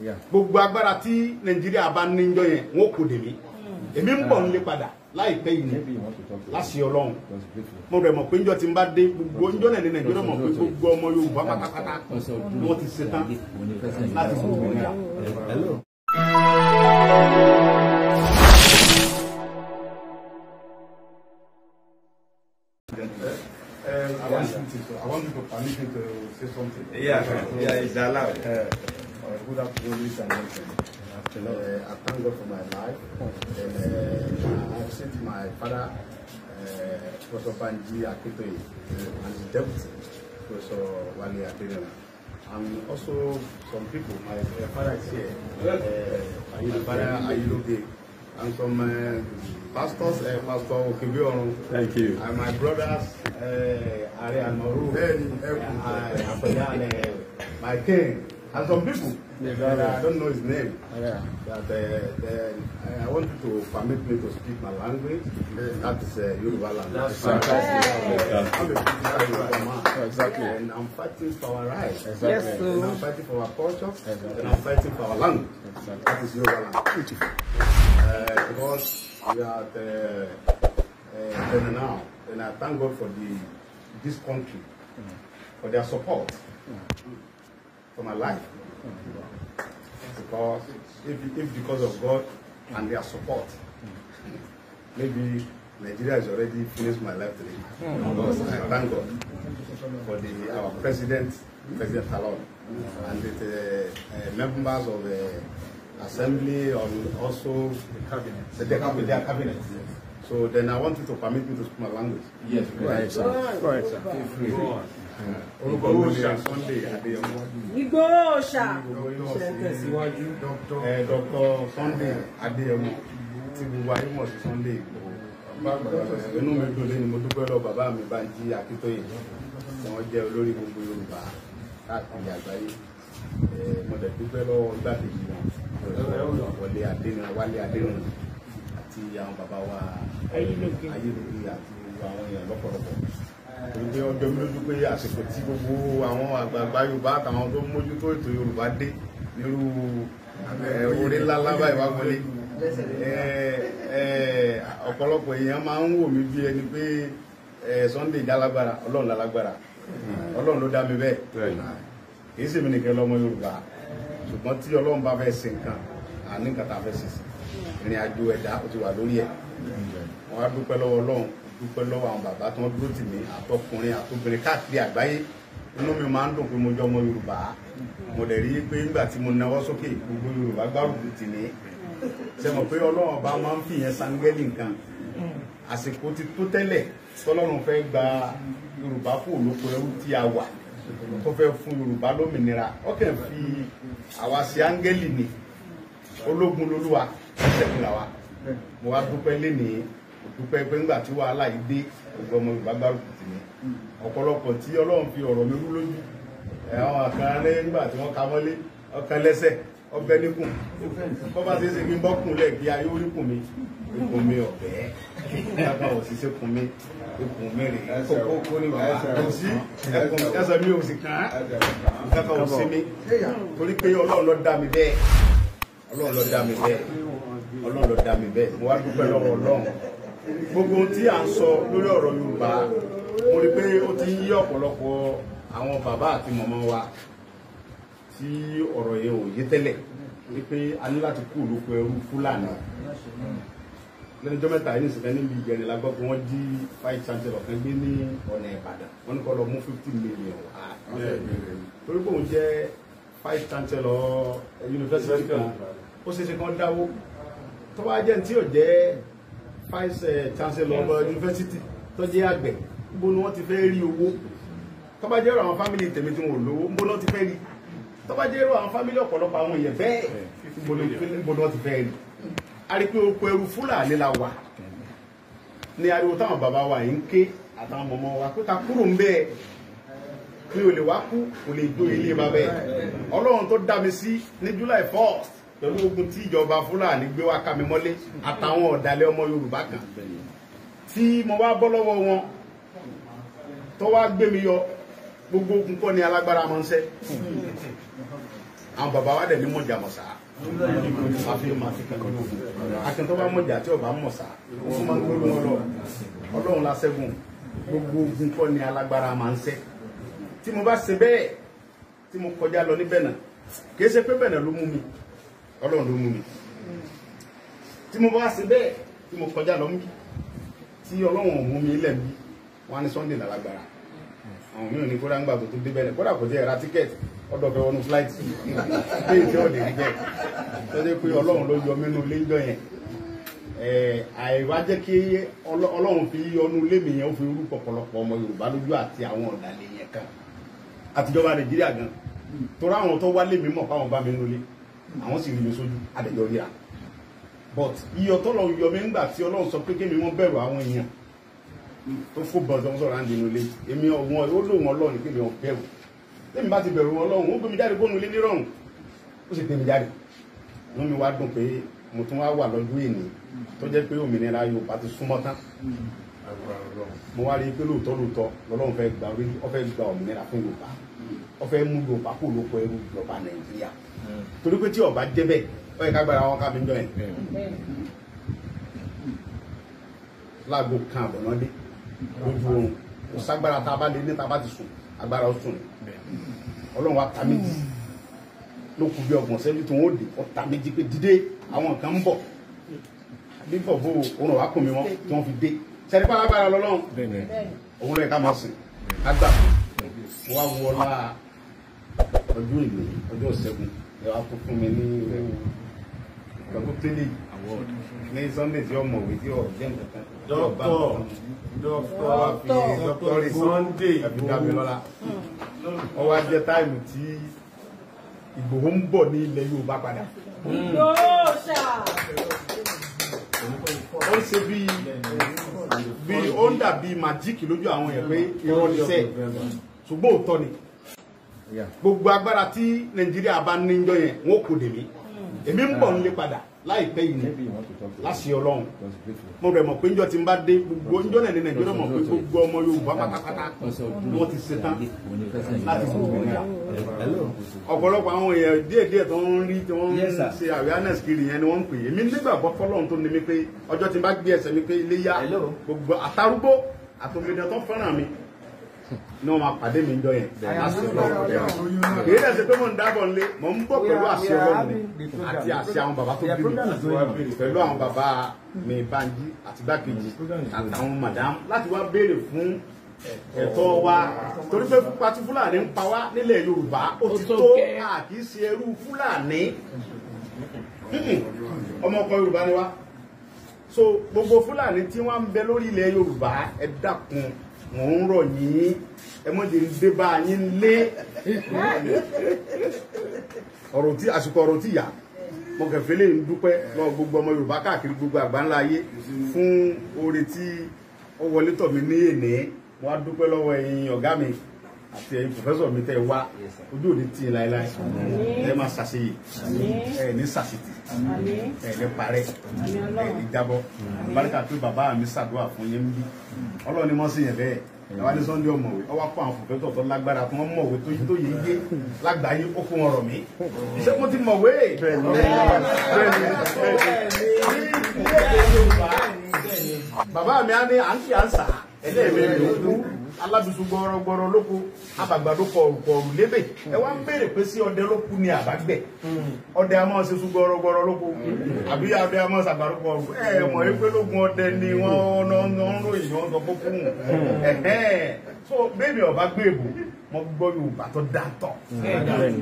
gbogbo agbára tí nàìjíríà bá ní jọ yẹn wọn kò dè hmm. èmi ń bọ̀ nílé padà láìpẹ́ yìí láti ọlọ́run mo rẹ̀ mọ̀ pé njọ́ ti ń bá dé gbogbo njọ́ náà ní nàìjíríà mọ̀ pé gbogbo ọmọ yorùbá pátápátá ni ti ṣetán láti gbogbo ìyá. Eh, eh, I want you to, I want you to permit me to say something. Yeah, yeah, it's allowed. Uh, put up release and everything. Uh, I thank God for my life. And, uh, I sent my father, uh, Professor Banji Akitoye, uh, and his deputy, Professor Wale Adenema. And also some people, my uh, father is here, uh, Ayulo Father Ayulo Day. And some uh, pastors, uh, Pastor Okibiorun. Thank you. And my brothers, uh, Ari Anoru, Ben, Ekoun, Afeyan, my king. And some people yeah, that yeah. I don't know his name, yeah. that uh, uh, I want you to permit me to speak my language. That is uh, Yoruba language. That's fantastic. Yeah. Exactly. And I'm fighting for our rights. Exactly. Yes, sir. and I'm fighting for our culture. Exactly. And I'm fighting for our language. Exactly. That is Yoruba language. Uh, because we are at the uh, uh, now, and I thank God for the this country mm. for their support. Mm for my life. Because if, if because of God and their support, maybe Nigeria has already finished my life today. Because I thank God for the, our president, President Talon, and the uh, uh members of the assembly, and also the cabinet, the, cabinet, their cabinet. So then I want you to permit me to speak my language. Yes, Right, sir. Right, sir. Feel Go on. Orúkọ Olóṣà Sunday Adeyemo. Igbóòṣà. Tẹ̀síwájú. Eh, Dr. Sunday Adéyẹmọ ti gbogbo ayé mọ̀ sí Sunday Ìgbòho. Inú mi dùn lẹ́nu mo dúpẹ́ lọ bàbá mi Bánjí Akíntóyè. Wọ́n jẹ́ olórí gbogbo Yorùbá káàkiri àgbáyé. Eh, mo dẹ̀ dúpẹ́ lọ́wọ́ igbákejì wọn. Wọlé Adéníran Wálé Adéníran àti àwọn bàbá wa ayélujára eh, àti àwọn èèyàn lọ́pọ̀lọpọ̀ ìgbé ọjọ́ mi lójú pé àsìkò tí gbogbo àwọn àgbààgbà Yorùbá àtàwọn tó ń mójútó ètò Yorùbá dé nírú eh, orí ńlá lábá ìwà wọlé eh, ọ̀pọ̀lọpọ̀ èèyàn máa ń wò mí bí ẹni pé Sunday dálágbára Ọlọ́run lálágbára Ọlọ́run ló dá mi bẹ́ẹ̀ kì í ṣèmi nìkan lọ́mọ Yorùbá ṣùgbọ́n tí Ọlọ́run bá fẹ́ ṣe nǹkan àní nǹkan tá a fẹ́ ṣe sí ìrìn àjò ẹ̀dá ó ti wà lórí ẹ̀ wọn á dúpẹ́ lọ́wọ́ ọlọ́run dúpẹ́ lọ́wọ́ àwọn bàbá tó ń dúró tì mí àtọkùnrin àtobìnrin káàkiri àgbáyé inú mi máa ń dùn pé mo jọ ọmọ yorùbá mo lè rí i pé nígbà tí mo náwó sókè gbogbo yorùbá gbárùkù tì mí ṣe mọ̀ pé ọlọ́run ọba máa ń fìyẹn sangẹ́lì nǹkan àsìkò ti tó tẹ́lẹ̀ tọ́lọ́run fẹ́ gba yorùbá fún òlòpọ̀ ẹrú tí a wà tó fẹ́ fún yorùbá lómìnira ó fi àwa sí áńgẹ́lì ni ológun lolúwa ṣẹ́kù làwa mo wá dúpẹ́ lénìí dúpẹ́ pé ńgbà tí wàhálà yìí dé gbogbo ọmọ Yorùbá gbárùkù tì mí ọ̀pọ̀lọpọ̀ tí Ọlọ́run fi ọ̀rọ̀ mi rú lójú àwọn kan ní ńgbà tí wọ́n ka mọ́lé ọkàn lẹ́sẹ̀ ọbẹ̀ níkùn kọ́ bá ṣe é ṣe kí n bọ́kùn lẹ̀ kí ayé orí kùn mi ikùn mi ọ̀bẹ́ lápá òṣìṣẹ́ kùn mi ikùn mi rè kókó kó ní wàhálà kò sí ẹkùn ẹsẹ̀ mi ò sì kàn án lápá òṣìṣẹ́ mi torí pé Ọlọ́run ló dá mi bẹ́ẹ̀ Ọlọ́run ló dá mi bẹ́ẹ̀ ọlọ́run ló dá mi bẹ́ẹ̀ mo wá dúpẹ́ lọ́wọ́ ọlọ́run gbogbo ohun tí à ń sọ lórí ọ̀rọ̀ yorùbá mo rí pé ó ti ń yí ọ̀pọ̀lọpọ̀ àwọn bàbá àti mọ̀mọ́ wa tí ọ̀rọ̀ yẹn ò yé tẹ́lẹ̀ wípé a ní láti kú òlóko ẹrú fúlàní lẹ́nu ọjọ́ mẹ́ta yìí nìsín níbi ìgbẹ̀rẹ̀ la gbọ́ pé wọ́n jí five chancellor kan gbé ní ọ̀nà ìbàdàn wọ́n ní kó lọ mú fifty million ah, wá torí pé òun jẹ́ five chancellor eh, university kan ó ṣeé kí wọ́n dáwó tó bá jẹ́ tí ò jẹ́ vice eh, chancellor of eh, university tó jẹ́ àgbẹ̀ níbo ni wọ́n ti fẹ́ rí owó tó bá jẹ́ àwọn family tèmi tí wọn ò lówó níbo ni wọ́n ti fẹ́ rí tó bá jẹ́ àwọn family ọ̀pọ̀lọpọ̀ àwọn èèyàn bẹ́ẹ̀ níbo ni wọ́n ti fẹ́ rí a rí pé oko ẹrú fúlàní la wà ní ariwo táwọn bàbá wa yìí ń ké àtàwọn ọmọ wa pé ká kúrò ń bẹ́ẹ̀ mi ò lè wá kú kò lè do ilé bàbá ẹ̀ ọlọ́run tó dá mi sí ní July 1st pẹ̀lú ogun tí ìjọba fúlàní gbé wá ká mi mọ́lé àtàwọn ọ̀dàlẹ̀ ọmọ yorùbá kan tí mo wá bọ́ lọ́wọ́ wọn tó wá gbé mi yọ gbogbo ogun kọ́ ni alágbára máa ń ṣẹ́ àwọn bàbá wa dẹ̀ ní mọ̀jà mọ̀sá akẹ́ntọ́ bá mọ̀jà tí ọba mọ̀sá ó máa ń gbóló wọn lọ ọlọ́run la ṣẹ́gun gbogbo ogun kọ́ ni alágbára máa ń ṣẹ́ tí mo bá ṣe bẹ́ẹ̀ tí mo kọjá lọ ní bẹ̀nà kì í ṣe pé bẹ̀nà ló mú mi ọlọ́run ló mú mi tí mo bá ṣe bẹ́ẹ̀ tí mo kọjá lọ ń bí tí ọlọ́run ò mú mi lẹ̀ bí wọ́n á ní Sunday làlágbára àwọn míràn ní kódà ń gbàgbọ́ tó débẹ̀ rẹ̀ kódà kò jẹ́ ẹ̀ra tíkẹ́ẹ̀tì ọdọ̀ fẹ́ wọnú flight pé ìjọ òde rí bẹ́ẹ̀ tó jẹ́ pé ọlọ́run ló yọ mẹ́nu ilé ńjọ yẹn àìwá jẹ́ kí ọlọ́run fi yọnu ilé mi yẹn ó fi rú pọ̀pọ̀lọpọ̀ ọmọ Yorùbá lójú àti àwọn ọ̀dàlẹ̀ yẹn kan àtijọba Nàìjíríà gan torí àwọn tó wálé mi mọ̀ fáwọn bá mi nulẹ̀ àwọn sì rí mi sójú adéyọ ríra but iyọ̀ tọ́lọ̀ yọ mi ńgbà tí ọlọ́run sọ pé kémi wọ́n bẹ̀rù àwọn èèyàn tó fò bọ̀dọ̀ ń sọ̀rọ̀ àǹdínú ilé èmi ọ̀wọ́n ó lóun ọlọ́run kémi wọn bẹ̀rù lẹ́mi bá ti bẹ̀rù wọn ọlọ́run ó gbé mi jáde bónú ilé nírọ̀rùn ó sì gbé mi jáde inú mi wá dùn pé mo tún wá wà lọ́jọ́ èní tó jẹ́ pé òmìnira Yorùbá ti súnmọ́ tán mo wá rí i pé lóòótọ́ lóòótọ́ lọ́lọ́run fẹ́ gba òmìnira fún Yorùbá ó fẹ́ mú Yorùbá kó lóko ẹrú Yorùbá Nàìjíríà torí pé tí ọba jẹ́ bẹ́ẹ̀ ó yẹ ká gbára wọn ká mi dán yẹn láago kan àbọ̀ náà dé lójú oorun kò ságbára tá a bá lé ní tá a bá ti sùn agbára ó sùn ọlọ́run wa ta méjì ló kù bí ọgbọ̀n sẹ́jú tó ń òde ó ta méjì pé dídé àwọn nǹkan ń bọ̀ bíbọ̀ bó oorun wa kùn mí wọn tí wọ́n fi dé sẹ́ni pálábára lọ́lọ́run òun lọ́yẹ̀ ká máa sìn ká gbà wá wọlá ọjọ́ ìlú ọjọ́ ìṣẹ́gun ẹ wá fún mi ní ìkan tó tẹ́lẹ̀ ní sunday tí ọmọ òwe tí ọ jẹ́ nǹkan kan. dókítọ̀ wa fi dókítọ̀ sunday àbídámilọ́lá hmm. wọ́n wá jẹ́ táìmù tí Ìgbòho ń bọ̀ ní ilẹ̀ Yorùbá padà. ó ń ṣe bí bí ó ń dàbí màjíìkì lójú àwọn yẹn pé irọ́ ṣùgbọ́n òótọ́ ni gbogbo agbára tí nàìjíríà bá níjọ yẹn wọn kò dè mí hmm. èmi ń bọ̀ nílé padà láìpẹ́ yìí ni láṣì ọlọ́run mo rẹ̀ mọ̀ pé njọ́ ti ń bá dé gbogbo njọ́ náà ní nàìjíríà mọ̀ pé gbogbo ọmọ yorùbá pátápátá wọ́n ti ṣetán láti gbogbo ìyá ọ̀pọ̀lọpọ̀ àwọn èèyàn díẹ̀ díẹ̀ tó ń rí tí wọ́n ń ṣe awareness kiri yẹn ni wọ́n ń pè é mi nígbàgbọ́ fọlọ́run tó ní mi pé ọjọ́ ti ń bá gbé ẹsẹ̀ mi pé ilé yá gbogbo àtàrúgbó àtòmídàn tó fẹ́ràn mi náà máa pàdé mi jọ yẹn láti ọlọ́run kò dẹ́wọ̀ kì í dẹ̀ ṣe pé mò ń dábọ̀ nílé mò ń bọ̀ pẹ̀lú àṣẹ ọlọ́run mi àti àṣẹ àwọn bàbá tó bí mi pẹ̀lú àwọn bàbá mi Banji àti gbàkejì àtàwọn madam láti wá béèrè fún ẹ̀tọ́ wa torí pé pati fúlàní ń pa wá nílẹ̀ Yorùbá ó ti tó a kì í ṣe ẹrú fúlàní ọmọkọ Yorùbá ni wá so gbogbo fúlàní tí wọ́n ń bẹ lórí ilẹ̀ Yorùbá ẹ dákun mò ń rọ̀ yín ẹ mọ̀jẹ̀ ń dé bá yín lé ọ̀rọ̀ tí àsìkò ọ̀rọ̀ tí yá mo kẹfẹ́ lè ń dúpẹ́ lọ gbogbo ọmọ Yorùbá káàkiri gbogbo àgbáńlá ayé fún oore tí ó wọlé tọ̀ mí ní èné mo á dúpẹ́ lọ́wọ́ ẹ̀yin ọ̀gá mi àti ẹ̀yin pòfẹ́sọ̀ mi tẹ́ wá ojú òní tí láéláé ẹ máa ṣàṣeyè ẹ ní ṣàṣetì ẹ ní parẹ́ ẹ ní jábọ́ àbáríkà pé bàbá mi ṣàdúrà fún yín bí ọlọ́run ni wọ́n sì yẹn bẹ́ẹ̀ àwa ní Sunday ọmọwé ọwọ́ kó àwọn pòfẹ́sọ̀ tó lágbára tó wọ́n mọ̀wé tó yé yé lágbàáyé ó fún ọ̀rọ̀ mi ìṣẹ́kùn ti mọ̀wé bàbá mi á ní à ń ṣe àǹsà ẹlẹ́ẹ̀mẹ́rin ló kú alábìsù gbọrọgbọrọ lóko abàgbàdo kọrùkọrù lébè ẹ wá ń béèrè pé sí ọdẹ ló kú ni àbágbẹ ọdẹ a máa ṣe sùn gbọrọgbọrọ lóko àbí ọdẹ a máa ṣàgbàdo kọrù ẹ mọ̀ ẹ pé lógun ọdẹ ni wọ́n ń ròyìn wọ́n sọ pé kúrùn ẹ̀hẹ́n so bẹ́ẹ̀ ni ọba gbé èbò mo gbọ́ yorùbá tó dáńtọ̀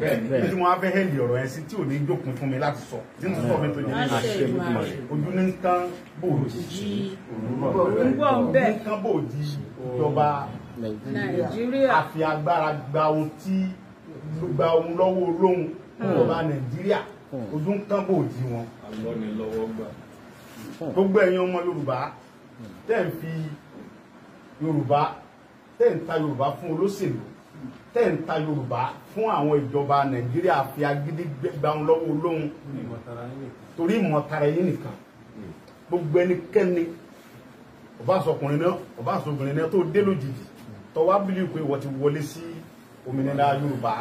bẹ́ẹ̀ ni wọ́n á fẹ́ hẹ́ndì ọ̀rọ̀ yẹn sí tí ò ní dókun fún mi láti sọ tí n sọ mi tó yẹ ojú ní nǹkan bòòjì òun bọ̀ ń bẹ́ẹ̀ bòòjì ìjọba nàìjíríà àfi agbára gba ohun tí gba ohun lọ́wọ́ olóhun fún ọba nàìjíríà hmm. ojú ń kán bò di wọn. Hmm. gbogbo ẹ̀yin ọmọ yorùbá tẹ́ ń fi yorùbá tẹ́ ń ta yorùbá fún olóṣèlú tẹ́ ń ta yorùbá fún àwọn ìjọba nàìjíríà àfi agídí gba ohun lọ́wọ́ olóhun torí ìmọ̀tara yín nìkan hmm. gbogbo ẹnikẹ́ni ọba àsọkùnrin náà ọba àsọkùnrin náà tó dé lójijì tó wá bílí pé wọ́n ti wọlé sí òmìnira Yorùbá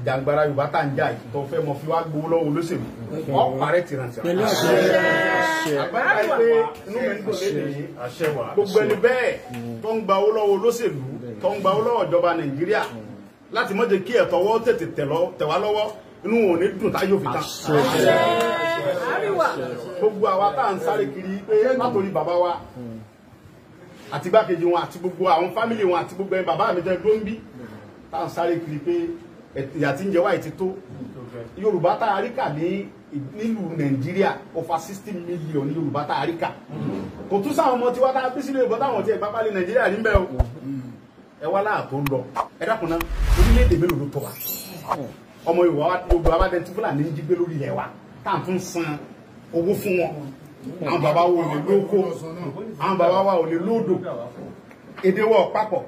ìjàngbara Yorùbá tá ń jà yìí tó fẹ́ mọ fi wá gbowó lọ́wọ́ olóṣèlú wọ́n parẹ́ tìrantìrà. àgbáyé pé inú mi ń dùn lédè yìí gbogbo ẹni bẹ́ẹ̀ tó ń gba owó lọ́wọ́ olóṣèlú tó ń gba owó lọ́wọ́ ìjọba Nàìjíríà láti má jẹ́ kí ẹ̀tọ́ wọ́n tètè tẹ̀ wá lọ́wọ́ inú wọn ò ní dùn táyọ̀ fi tán gbogbo àwa tá à ń sáré kiri pé látòrí bàbá wa àti igbákejì wọn àti gbogbo àwọn fámìlì wọn àti gbogbo ẹni bàbá mi jẹ́ gbóǹbí tá à ń sáré kiri pé ìyà tí ń jẹ wá ìti tó yorùbá tá a rí kà ní nílùú nàìjíríà over sixty million ní yorùbá tá a rí kà kò tún sáwọn ọmọ tiwa tá a bí sílé yorùbá táwọn ti ẹgbà pálí nàìjíríà níbẹ̀ o ẹ wá láàtó ń lọ ẹ dákun náà orílẹ̀-èdè mélòó ló tọ́ wa ọmọ yorùbá wa yorùbá wa dẹ́ntí fúlàní ń jí gbé lórí ilẹ̀ wa tá tún san owó fún wọn àwọn bàbá wa ò lè lóko àwọn bàbá wa ò lè lódò èdè wa papọ̀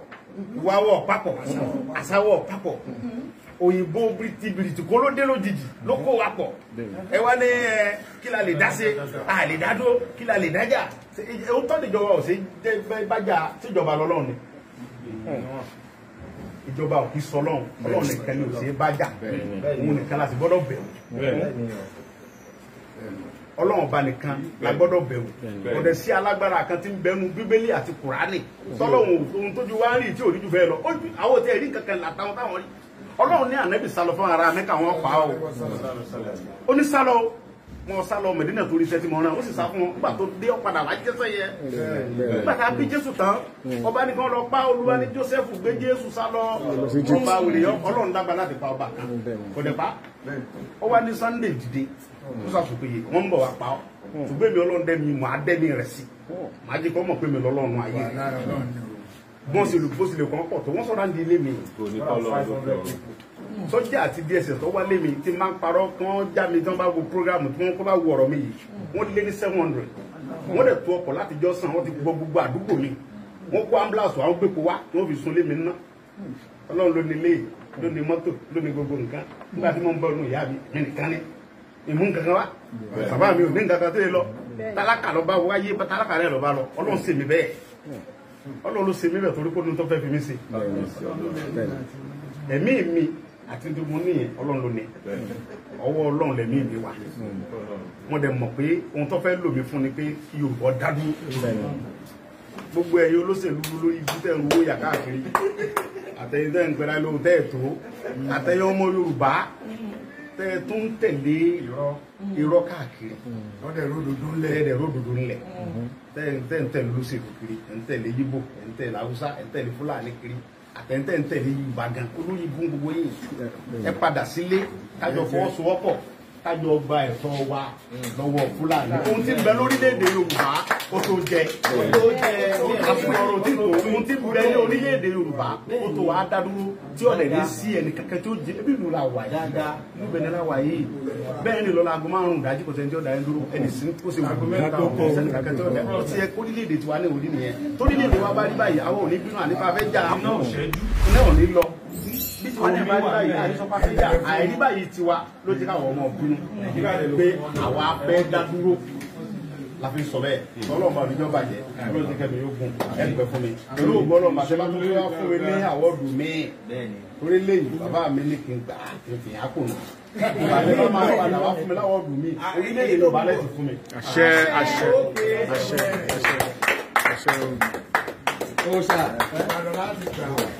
ìwà wa papọ̀ àṣà wa papọ̀ òyìnbó bìrìtìbìrìtì kó ló dé lójijì ló kó wa pọ̀ ẹ wá ní ẹ kí la lè dá ṣe a lè dá dúró kí la lè dájà ó tọ́ níjọba ò sí bájà síjọba lọ́lọ́run ni ìjọba ò kí sọ lọ́hùn ọlọ́run nìkan ni ò bájà òun nìkan láti gbọ́dọ̀ bẹ̀rù ọlọ́run ọba nìkan la gbọ́dọ̀ bẹ̀rù ọ̀dẹ̀ sí alágbára kan tí ń bẹnu bíbélì àti kùránì tọ́lọ́hún ohun tójú wá ń rí tí ò ríjú fẹ́ lọ àwọn tí ẹ̀rí kankan làtàwọn táwọn rí ọlọ́run ní ànábì sálọ fún ara mẹ́ka wọn pa o ó sálọ mọ sálọ mẹdínà torí iṣẹ́ tí mo rán ó sì sá fún wọn nígbà tó dé ọ̀padà wá jẹ́sẹ̀ yẹ nígbà tá a bí jésù tán ọba nìkan lọ pa olúwa ní joseph gbé jésù sálọ ọba wèrè ọlọ́run dágbà láti pa ọba kan kò dẹ̀ pa ó ní sunday dìde musa sọ pé wọ́n ń bọ̀ wá pa ọ́ hmm. ṣùgbọ́n èmi ọlọ́run dẹ́ mi mọ̀ á dẹ́ ní rẹ̀ sí hmm. màá jẹ́ kọ́ mọ̀ pé mi lọ́lọ́run ayé bọ́n sì lùkú sì lè kàn pọ̀ tó wọ́n sọ̀rọ̀ ní ilé mi sọ́jà àti DSS tó wálé mi tí máa ń parọ́ kí wọ́n já mi tí wọ́n bá wo program tí wọ́n bá wo ọ̀rọ̀ mi yìí wọ́n lé ní seven hundred wọ́n dẹ̀ tó ọkọ̀ láti jọ́ sàn wọ́n ti gbọ́ gbogbo àdúgbò mi wọ́n kó ambulance àwọn gbépo wá tí wọ́n fi sun lé mi ná ọlọ́run ló ní ilé ló ní mọ́tò ló ní gbogbo nǹkan nígbà tí wọ́n ń bọ́ inú ìyá mi mi nìkan ni ìmú nǹkankan wá bàbá mi ò ní nǹkankan tó yẹ lọ tálákà lọ bá wáyé tálákà rẹ lọ bá lọ ọlọ́run ṣe mí bẹ́ẹ̀ ọlọ́run ló ṣe mí bẹ́ẹ̀ torí kó ní tó fẹ́ fi mí ṣe ẹ̀mí mi àti tó mo ní ọlọ́run ló ní ọwọ́ ọlọ́run lẹ̀mí mi wà wọ́n dẹ̀ mọ̀ pé ohun tó fẹ́ lò mí fún ni pé yorùbá dádú gbogbo ẹ̀yin olóṣèlú lórí ibi tẹ̀ ń wó yà káàkiri àtẹ̀yìn tẹ̀ ń pẹ́ra lóhun tẹ̀ tó àtẹ̀yìn ọmọ yorùbá tẹ ẹ tó ń tẹ̀lé irọ́ mm. irọ́ káàkiri lọ́dẹ̀ mm. ródòdó ńlẹ̀ lọ́dẹ̀ ródòdó ńlẹ̀ mm-hmm. tẹ tẹ ń tẹ̀lé olóṣèlú kiri ẹ̀ ń tẹ̀lé yíbò ẹ̀ ń tẹ̀lé haúsá ẹ̀ ń tẹ̀lé fúlàní kiri àtẹ̀ntẹ̀ ń tẹ̀lé yorùbá gan olóyìnbó gbogbo yìí ẹ padà sílé kájọ fọwọ́sowọ́pọ̀ kájọ gba ẹ̀tọ́ wa mm. lọ́wọ́ fúlàní mm. ohun tí ń bẹ lórílẹ̀‐èdè yorùbá ó tó jẹ mm. ó tó jẹ àfihàn tí kò ohun tí ń bẹ ní orílẹ̀‐èdè yorùbá ó tó wàá dádúró tí ọ̀lẹ̀ ní sí ẹnì kankan tí ó jẹ ebi ìlú la wà yìí ìlú bẹ̀rẹ̀ la wà yìí bẹ́ẹ̀ ni lọ́la aago márùn-ún dájú kò sẹ́ni tí ó da ẹni dúró ẹni sí kó ṣe wù mẹ́ta ọ̀hún sẹ́ni kankan tí wọn bá rí báyìí àìsọpá síjà àìrí báyìí tiwa ló ti káwọn ọmọ bínú pé àwa fẹ́ dá la fi sọ bẹ́ẹ̀ Ọlọ́run bá níjọ bàjẹ́ Ọlọ́run ti kẹmí yóò gun ẹgbẹ fún mi pẹ̀lú ògbọ Ọlọ́run bá sẹbà tuntun wá fún mi ní àwọdù mi orí lẹ́yìn bàbá mi ní kí n gbà kí n fi hàn kùnà ìbàdàn bá máa padà wá fún mi láwọdù mi orí lẹ́yìn lọ bá lẹsìn fún mi. àṣẹ àṣẹ àṣẹ àṣẹ àṣẹ. ó sà ẹ̀ ẹ̀ ẹ̀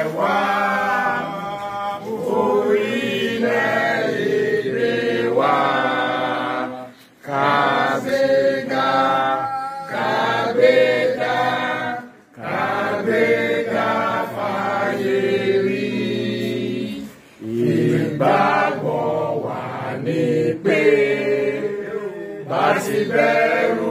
Siberia.